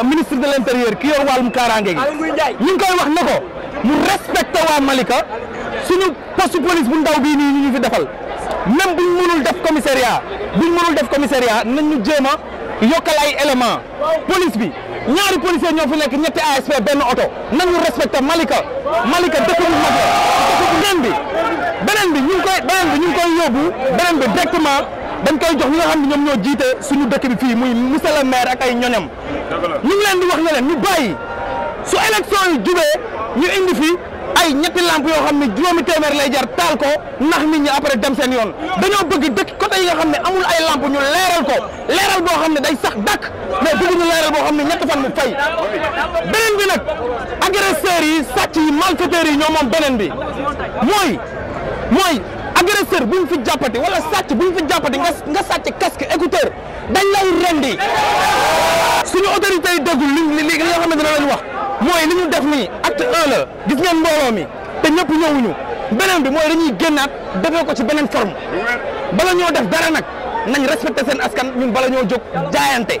Euh, ministre de l' intérieur ki yor wàllum kaaraange gi ñu ngi koy wax na ko mu respecté waa Malika suñu poste police bu ndaw bii nii ñu fi defal même buñ mënul def commissariat buñ mënul def commissariat nañ ñu jéem a yokkal ay élément police bi ñaari policier ñoo fi nekk ñetti ASP benn oto nañu respecté Malika Malika dëkk bu mag la dëkk bi beneen bi ñu koy yóbbu beneen bi directement dañ koy jox ñi nga xam ne ñoom ñoo jiite suñu dëkk bi fii muy monsieur le maire ak ay ñoñam ñu ngi leen di wax ne leen ñu bàyyi su élection yu jubee ñu indi fii ay ñetti lamp yoo xam ne juróomi téeméer lay jar taal ko ndax ñi après dem seen yoon dañoo bëgg dëkk côté yi nga xam ne amul ay lamp ñu leeral ko leeral boo xam ne day sax dàkk mais bëgg ñu leeral boo xam ne ñetti fan mu fay beneen bi nag agresseurs yi sàcc yi malfaiteurs yi ñoo moom beneen bi mooy mooy agresseur bu ñu fi jàppati wala sàcc bu ñu fi jàppati nga nga sàcc casque écouteur dañ lay rendi suñu autorité yi déglu li li li nga xamante ne leen wax mooy li ñu def nii acte un la gis ngeen mbooloo mi te ñëpp ñëwuñu beneen bi mooy dañuy génnaat defee ko ci beneen forme bala ñoo def dara nag nañ respecté seen askan ñun bala ñoo jóg jaayante.